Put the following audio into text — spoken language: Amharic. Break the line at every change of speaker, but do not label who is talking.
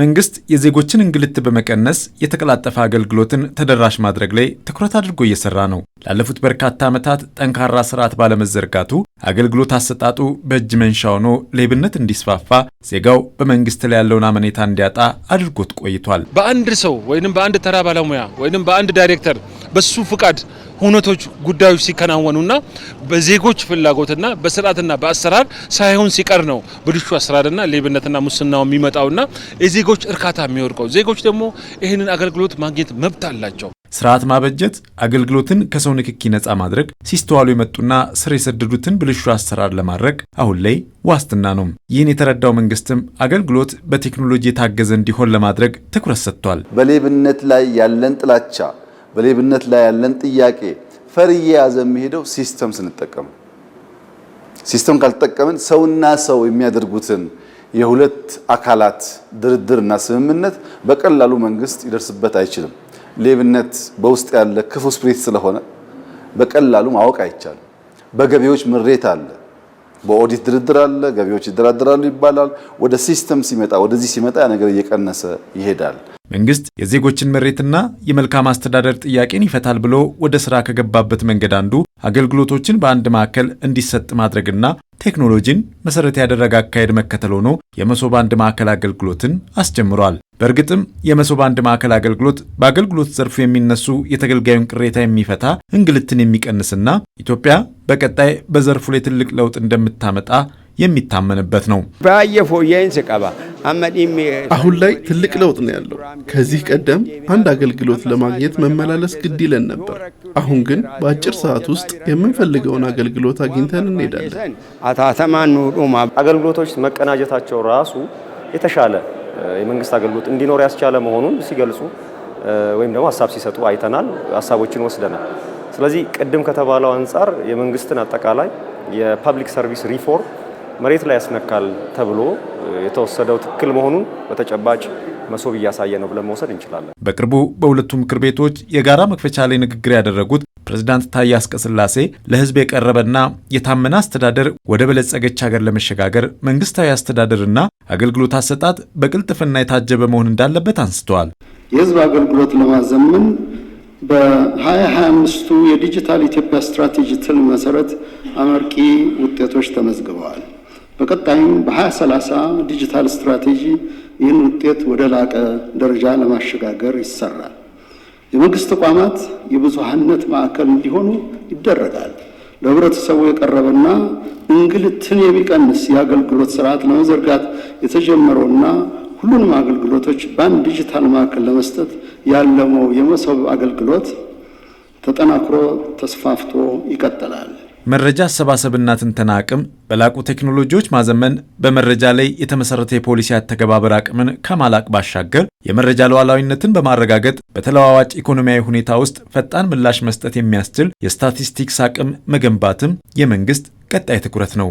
መንግስት የዜጎችን እንግልት በመቀነስ የተቀላጠፈ አገልግሎትን ተደራሽ ማድረግ ላይ ትኩረት አድርጎ እየሰራ ነው። ላለፉት በርካታ ዓመታት ጠንካራ ስርዓት ባለመዘርጋቱ አገልግሎት አሰጣጡ በእጅ መንሻ ሆኖ ሌብነት እንዲስፋፋ፣ ዜጋው በመንግስት ላይ ያለውን አመኔታ እንዲያጣ አድርጎት ቆይቷል።
በአንድ ሰው ወይም በአንድ ተራ ባለሙያ ወይም በአንድ ዳይሬክተር በሱ ፍቃድ ሁነቶች ጉዳዮች ሲከናወኑና በዜጎች ፍላጎትና በስርዓትና በአሰራር ሳይሆን ሲቀር ነው ብልሹ አሰራርና ሌብነትና ሙስናው የሚመጣውና የዜጎች እርካታ የሚወድቀው። ዜጎች ደግሞ ይህንን አገልግሎት ማግኘት መብት አላቸው።
ስርዓት ማበጀት፣ አገልግሎትን ከሰው ንክኪ ነፃ ማድረግ ሲስተዋሉ የመጡና ስር የሰደዱትን ብልሹ አሰራር ለማድረግ አሁን ላይ ዋስትና ነው። ይህን የተረዳው መንግስትም አገልግሎት በቴክኖሎጂ የታገዘ እንዲሆን ለማድረግ ትኩረት ሰጥቷል።
በሌብነት ላይ ያለን ጥላቻ በሌብነት ላይ ያለን ጥያቄ ፈር እየያዘ የሚሄደው ሲስተም ስንጠቀም ሲስተም ካልተጠቀምን ሰውና ሰው የሚያደርጉትን የሁለት አካላት ድርድርና ስምምነት በቀላሉ መንግስት ይደርስበት አይችልም። ሌብነት በውስጥ ያለ ክፉ ስፕሪት ስለሆነ በቀላሉ ማወቅ አይቻልም። በገቢዎች ምሬት አለ፣ በኦዲት ድርድር አለ፣ ገቢዎች ይደራደራሉ ይባላል። ወደ ሲስተም ሲመጣ ወደዚህ ሲመጣ ያ ነገር እየቀነሰ ይሄዳል።
መንግስት የዜጎችን መሬትና የመልካም አስተዳደር ጥያቄን ይፈታል ብሎ ወደ ስራ ከገባበት መንገድ አንዱ አገልግሎቶችን በአንድ ማዕከል እንዲሰጥ ማድረግና ቴክኖሎጂን መሰረት ያደረገ አካሄድ መከተል ሆኖ የመሶብ አንድ ማዕከል አገልግሎትን አስጀምሯል። በእርግጥም የመሶብ አንድ ማዕከል አገልግሎት በአገልግሎት ዘርፉ የሚነሱ የተገልጋዩን ቅሬታ የሚፈታ እንግልትን የሚቀንስና ኢትዮጵያ በቀጣይ በዘርፉ ላይ ትልቅ ለውጥ እንደምታመጣ የሚታመንበት ነው። አሁን ላይ ትልቅ ለውጥ ነው ያለው። ከዚህ ቀደም አንድ አገልግሎት ለማግኘት መመላለስ ግድ ይለን ነበር። አሁን ግን በአጭር ሰዓት ውስጥ የምንፈልገውን አገልግሎት አግኝተን እንሄዳለን።
አገልግሎቶች መቀናጀታቸው ራሱ የተሻለ የመንግስት አገልግሎት እንዲኖር ያስቻለ መሆኑን ሲገልጹ ወይም ደግሞ ሀሳብ ሲሰጡ አይተናል። ሀሳቦችን ወስደናል። ስለዚህ ቅድም ከተባለው አንጻር የመንግስትን አጠቃላይ የፐብሊክ ሰርቪስ ሪፎርም መሬት ላይ ያስነካል ተብሎ የተወሰደው ትክክል መሆኑን በተጨባጭ መሶብ እያሳየ ነው ብለን መውሰድ እንችላለን።
በቅርቡ በሁለቱ ምክር ቤቶች የጋራ መክፈቻ ላይ ንግግር ያደረጉት ፕሬዝዳንት ታዬ አጽቀሥላሴ ለሕዝብ የቀረበና የታመነ አስተዳደር ወደ በለጸገች ሀገር ለመሸጋገር መንግስታዊ አስተዳደርና አገልግሎት አሰጣጥ በቅልጥፍና የታጀበ መሆን እንዳለበት አንስተዋል።
የሕዝብ አገልግሎት ለማዘመን በ2025ቱ የዲጂታል ኢትዮጵያ ስትራቴጂ ትል መሰረት አመርቂ ውጤቶች ተመዝግበዋል። በቀጣዩ በ2030 ዲጂታል ስትራቴጂ ይህን ውጤት ወደ ላቀ ደረጃ ለማሸጋገር ይሰራል። የመንግስት ተቋማት የብዙሃነት ማዕከል እንዲሆኑ ይደረጋል። ለህብረተሰቡ የቀረበና እንግልትን የሚቀንስ የአገልግሎት ስርዓት ለመዘርጋት የተጀመረውና ሁሉንም አገልግሎቶች በአንድ ዲጂታል ማዕከል ለመስጠት ያለመው የመሶብ አገልግሎት ተጠናክሮ ተስፋፍቶ ይቀጥላል።
መረጃ አሰባሰብና ትንተና አቅም በላቁ ቴክኖሎጂዎች ማዘመን በመረጃ ላይ የተመሰረተ የፖሊሲ አተገባበር አቅምን ከማላቅ ባሻገር የመረጃ ሉዓላዊነትን በማረጋገጥ በተለዋዋጭ ኢኮኖሚያዊ ሁኔታ ውስጥ ፈጣን ምላሽ መስጠት የሚያስችል የስታቲስቲክስ አቅም መገንባትም የመንግስት ቀጣይ ትኩረት ነው።